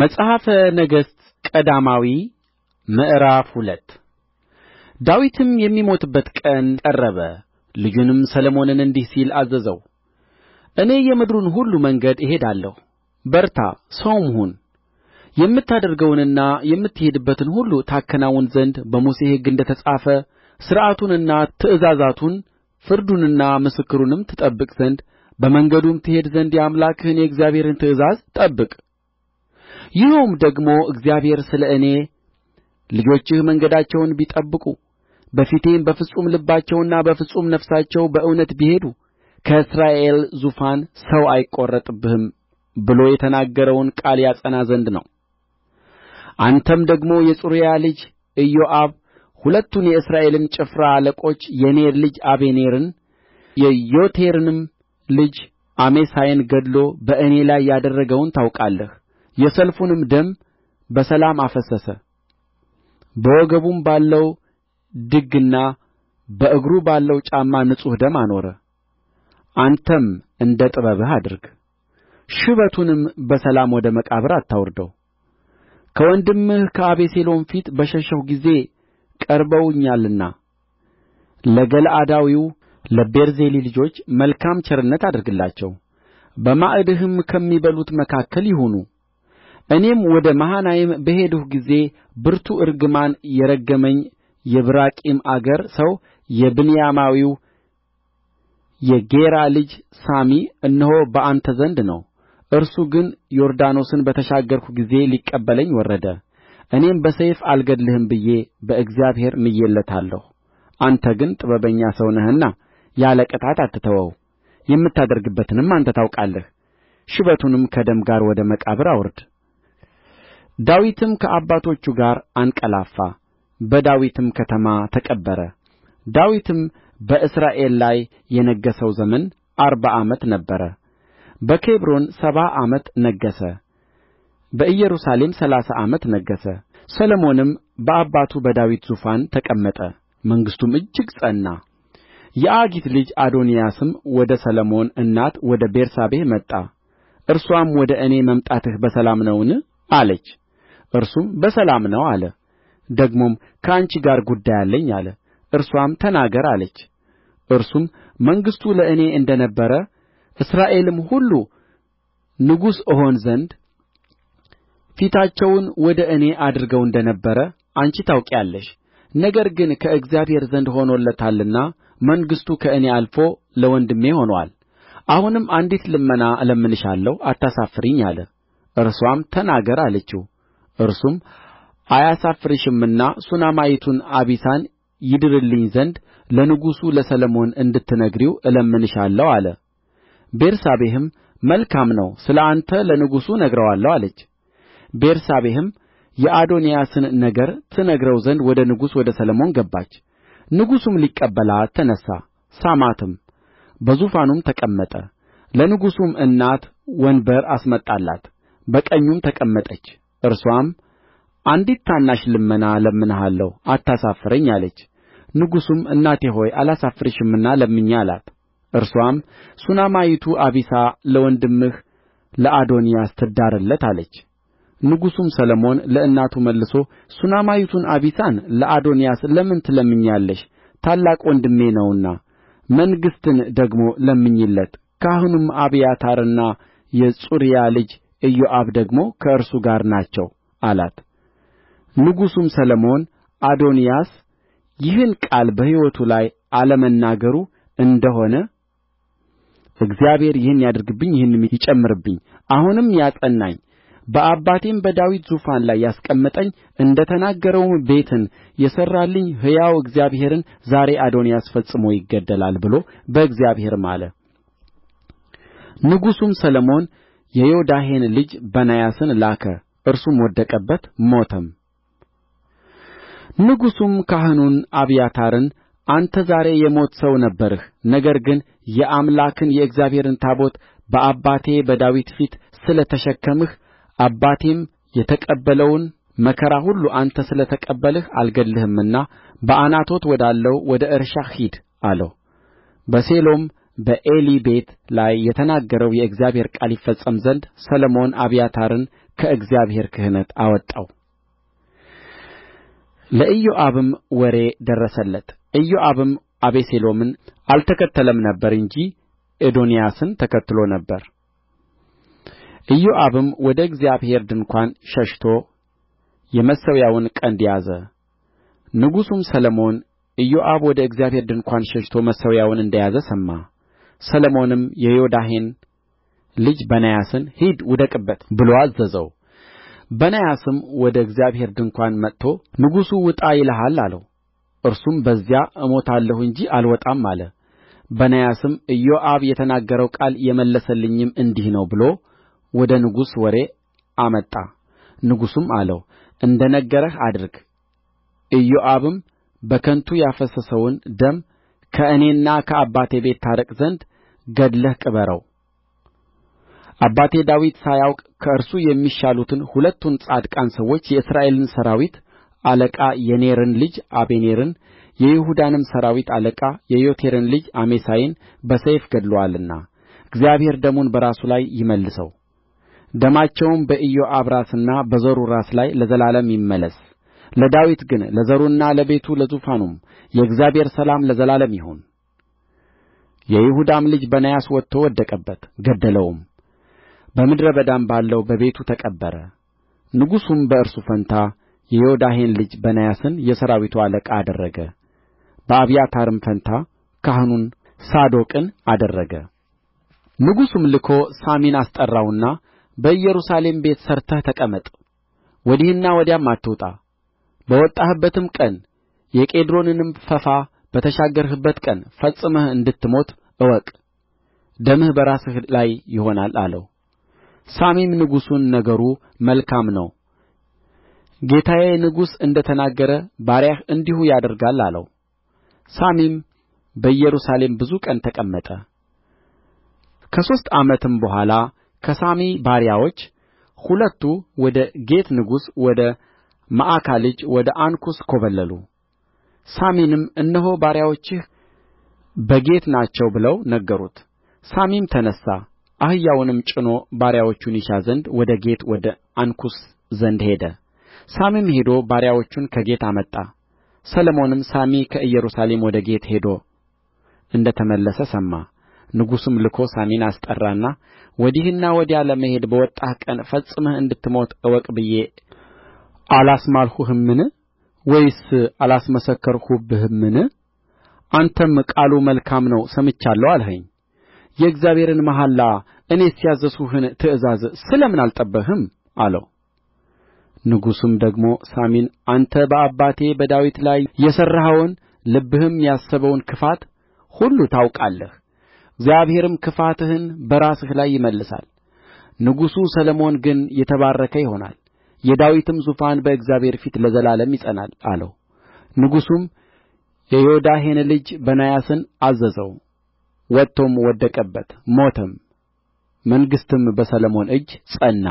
መጽሐፈ ነገሥት ቀዳማዊ ምዕራፍ ሁለት ዳዊትም የሚሞትበት ቀን ቀረበ ልጁንም ሰሎሞንን እንዲህ ሲል አዘዘው እኔ የምድሩን ሁሉ መንገድ እሄዳለሁ በርታ ሰውም ሁን የምታደርገውንና የምትሄድበትን ሁሉ ታከናውን ዘንድ በሙሴ ሕግ እንደ ተጻፈ ሥርዓቱንና ትእዛዛቱን ፍርዱንና ምስክሩንም ትጠብቅ ዘንድ በመንገዱም ትሄድ ዘንድ የአምላክህን የእግዚአብሔርን ትእዛዝ ጠብቅ ይኸውም ደግሞ እግዚአብሔር ስለ እኔ ልጆችህ መንገዳቸውን ቢጠብቁ በፊቴም በፍጹም ልባቸውና በፍጹም ነፍሳቸው በእውነት ቢሄዱ ከእስራኤል ዙፋን ሰው አይቈረጥብህም ብሎ የተናገረውን ቃል ያጸና ዘንድ ነው አንተም ደግሞ የጽሩያ ልጅ ኢዮአብ ሁለቱን የእስራኤልን ጭፍራ አለቆች የኔር ልጅ አበኔርን የዬቴሩንም ልጅ አሜሳይን ገድሎ በእኔ ላይ ያደረገውን ታውቃለህ የሰልፉንም ደም በሰላም አፈሰሰ በወገቡም ባለው ድግና በእግሩ ባለው ጫማ ንጹሕ ደም አኖረ አንተም እንደ ጥበብህ አድርግ ሽበቱንም በሰላም ወደ መቃብር አታውርደው ከወንድምህ ከአቤሴሎም ፊት በሸሸሁ ጊዜ ቀርበውኛልና ለገለዓዳዊው ለቤርዜሊ ልጆች መልካም ቸርነት አድርግላቸው በማዕድህም ከሚበሉት መካከል ይሁኑ እኔም ወደ መሃናይም በሄድሁ ጊዜ ብርቱ እርግማን የረገመኝ የብራቂም አገር ሰው የብንያማዊው የጌራ ልጅ ሳሚ እነሆ በአንተ ዘንድ ነው እርሱ ግን ዮርዳኖስን በተሻገርሁ ጊዜ ሊቀበለኝ ወረደ እኔም በሰይፍ አልገድልህም ብዬ በእግዚአብሔር ምዬለታለሁ አንተ ግን ጥበበኛ ሰው ነህና ያለ ቅጣት አትተወው የምታደርግበትንም አንተ ታውቃለህ ሽበቱንም ከደም ጋር ወደ መቃብር አውርድ ዳዊትም ከአባቶቹ ጋር አንቀላፋ በዳዊትም ከተማ ተቀበረ ዳዊትም በእስራኤል ላይ የነገሠው ዘመን አርባ ዓመት ነበረ በኬብሮን ሰባ ዓመት ነገሠ በኢየሩሳሌም ሠላሳ ዓመት ነገሠ ሰሎሞንም በአባቱ በዳዊት ዙፋን ተቀመጠ መንግሥቱም እጅግ ጸና የአጊት ልጅ አዶንያስም ወደ ሰሎሞን እናት ወደ ቤርሳቤህ መጣ እርሷም ወደ እኔ መምጣትህ በሰላም ነውን አለች እርሱም በሰላም ነው አለ ደግሞም ከአንቺ ጋር ጉዳይ አለኝ አለ እርስዋም ተናገር አለች እርሱም መንግሥቱ ለእኔ እንደ ነበረ እስራኤልም ሁሉ ንጉሥ እሆን ዘንድ ፊታቸውን ወደ እኔ አድርገው እንደ ነበረ አንቺ ታውቂያለሽ ነገር ግን ከእግዚአብሔር ዘንድ ሆኖለታልና መንግሥቱ ከእኔ አልፎ ለወንድሜ ሆኖአል አሁንም አንዲት ልመና እለምንሻለሁ አታሳፍሪኝ አለ እርስዋም ተናገር አለችው እርሱም አያሳፍርሽምና ሱነማይቱን አቢሳን ይድርልኝ ዘንድ ለንጉሡ ለሰሎሞን እንድትነግሪው እለምንሻለሁ አለ ቤርሳቤህም መልካም ነው ስለ አንተ ለንጉሡ እነግረዋለሁ አለች ቤርሳቤህም የአዶንያስን ነገር ትነግረው ዘንድ ወደ ንጉሡ ወደ ሰሎሞን ገባች ንጉሡም ሊቀበላት ተነሣ ሳማትም በዙፋኑም ተቀመጠ ለንጉሡም እናት ወንበር አስመጣላት በቀኙም ተቀመጠች እርስዋም አንዲት ታናሽ ልመና እለምንሃለሁ አታሳፍረኝ አለች ንጉሡም እናቴ ሆይ አላሳፍርሽምና ለምኝ አላት እርስዋም ሱነማይቱ አቢሳ ለወንድምህ ለአዶንያስ ትዳርለት አለች ንጉሡም ሰሎሞን ለእናቱ መልሶ ሱነማይቱን አቢሳን ለአዶንያስ ለምን ትለምኛለሽ ታላቅ ወንድሜ ነውና መንግሥትን ደግሞ ለምኝለት ካህኑም አብያታርና የጽሩያ ልጅ ኢዮአብ ደግሞ ከእርሱ ጋር ናቸው አላት ንጉሡም ሰሎሞን አዶንያስ ይህን ቃል በሕይወቱ ላይ አለመናገሩ እንደ ሆነ እግዚአብሔር ይህን ያድርግብኝ ይህንም ይጨምርብኝ አሁንም ያጸናኝ በአባቴም በዳዊት ዙፋን ላይ ያስቀመጠኝ እንደ ተናገረውም ቤትን የሠራልኝ ሕያው እግዚአብሔርን ዛሬ አዶንያስ ፈጽሞ ይገደላል ብሎ በእግዚአብሔር ማለ ንጉሡም ሰሎሞን የዮዳሄን ልጅ በናያስን ላከ እርሱም ወደቀበት ሞተም ንጉሡም ካህኑን አብያታርን አንተ ዛሬ የሞት ሰው ነበርህ ነገር ግን የአምላክን የእግዚአብሔርን ታቦት በአባቴ በዳዊት ፊት ስለ ተሸከምህ አባቴም የተቀበለውን መከራ ሁሉ አንተ ስለ ተቀበልህ አልገድልህምና በዓናቶት ወዳለው ወደ እርሻህ ሂድ አለው በሴሎም በዔሊ ቤት ላይ የተናገረው የእግዚአብሔር ቃል ይፈጸም ዘንድ ሰሎሞን አብያታርን ከእግዚአብሔር ክህነት አወጣው ለኢዮአብም ወሬ ደረሰለት ኢዮአብም አቤሴሎምን አልተከተለም ነበር እንጂ አዶንያስን ተከትሎ ነበር ኢዮአብም ወደ እግዚአብሔር ድንኳን ሸሽቶ የመሠዊያውን ቀንድ ያዘ ንጉሡም ሰሎሞን ኢዮአብ ወደ እግዚአብሔር ድንኳን ሸሽቶ መሠዊያውን እንደ ያዘ ሰማ ሰሎሞንም የዮዳሄን ልጅ በናያስን ሂድ ውደቅበት ብሎ አዘዘው በናያስም ወደ እግዚአብሔር ድንኳን መጥቶ ንጉሡ ውጣ ይልሃል አለው እርሱም በዚያ እሞታለሁ እንጂ አልወጣም አለ በናያስም ኢዮአብ የተናገረው ቃል የመለሰልኝም እንዲህ ነው ብሎ ወደ ንጉሥ ወሬ አመጣ ንጉሡም አለው እንደ ነገረህ አድርግ ኢዮአብም በከንቱ ያፈሰሰውን ደም ከእኔና ከአባቴ ቤት ታርቅ ዘንድ ገድለህ ቅበረው አባቴ ዳዊት ሳያውቅ ከእርሱ የሚሻሉትን ሁለቱን ጻድቃን ሰዎች የእስራኤልን ሠራዊት አለቃ የኔርን ልጅ አበኔርን የይሁዳንም ሠራዊት አለቃ የዬቴርን ልጅ አሜሳይን በሰይፍ ገድሎአልና እግዚአብሔር ደሙን በራሱ ላይ ይመልሰው ደማቸውም በኢዮአብ ራስና በዘሩ ራስ ላይ ለዘላለም ይመለስ ለዳዊት ግን ለዘሩና ለቤቱ ለዙፋኑም የእግዚአብሔር ሰላም ለዘላለም ይሁን የይሁዳም ልጅ በናያስ ወጥቶ ወደቀበት ገደለውም በምድረ በዳም ባለው በቤቱ ተቀበረ ንጉሡም በእርሱ ፋንታ የዮዳሄን ልጅ በናያስን የሠራዊቱ አለቃ አደረገ በአብያታርም ፋንታ ካህኑን ሳዶቅን አደረገ ንጉሡም ልኮ ሳሚን አስጠራውና በኢየሩሳሌም ቤት ሠርተህ ተቀመጥ ወዲህና ወዲያም አትውጣ በወጣህበትም ቀን የቄድሮንንም ፈፋ በተሻገርህበት ቀን ፈጽመህ እንድትሞት እወቅ ደምህ በራስህ ላይ ይሆናል አለው ሳሚም ንጉሡን ነገሩ መልካም ነው ጌታዬ ንጉሡ እንደ ተናገረ ባሪያህ እንዲሁ ያደርጋል አለው ሳሚም በኢየሩሳሌም ብዙ ቀን ተቀመጠ ከሦስት ዓመትም በኋላ ከሳሚ ባሪያዎች ሁለቱ ወደ ጌት ንጉሥ ወደ መዓካ ልጅ ወደ አንኩስ ኰበለሉ ሳሚንም እነሆ ባሪያዎችህ በጌት ናቸው ብለው ነገሩት ሳሚም ተነሣ አህያውንም ጭኖ ባሪያዎቹን ይሻ ዘንድ ወደ ጌት ወደ አንኩስ ዘንድ ሄደ ሳሚም ሄዶ ባሪያዎቹን ከጌት አመጣ ሰሎሞንም ሳሚ ከኢየሩሳሌም ወደ ጌት ሄዶ እንደ ተመለሰ ሰማ ንጉሡም ልኮ ሳሚን አስጠራና ወዲህና ወዲያ ለመሄድ በወጣህ ቀን ፈጽመህ እንድትሞት እወቅ ብዬ አላስማልሁህምን ወይስ አላስመሰከርሁብህምን አንተም ቃሉ መልካም ነው ሰምቻለሁ አልኸኝ የእግዚአብሔርን መሐላ እኔስ ያዘዝሁህን ትእዛዝ ስለ ምን አልጠበቅህም አለው ንጉሡም ደግሞ ሳሚን አንተ በአባቴ በዳዊት ላይ የሠራኸውን ልብህም ያሰበውን ክፋት ሁሉ ታውቃለህ እግዚአብሔርም ክፋትህን በራስህ ላይ ይመልሳል ንጉሡ ሰሎሞን ግን የተባረከ ይሆናል የዳዊትም ዙፋን በእግዚአብሔር ፊት ለዘላለም ይጸናል አለው ንጉሡም የዮዳሄን ልጅ በናያስን አዘዘው ወጥቶም ወደቀበት ሞተም መንግሥትም በሰሎሞን እጅ ጸና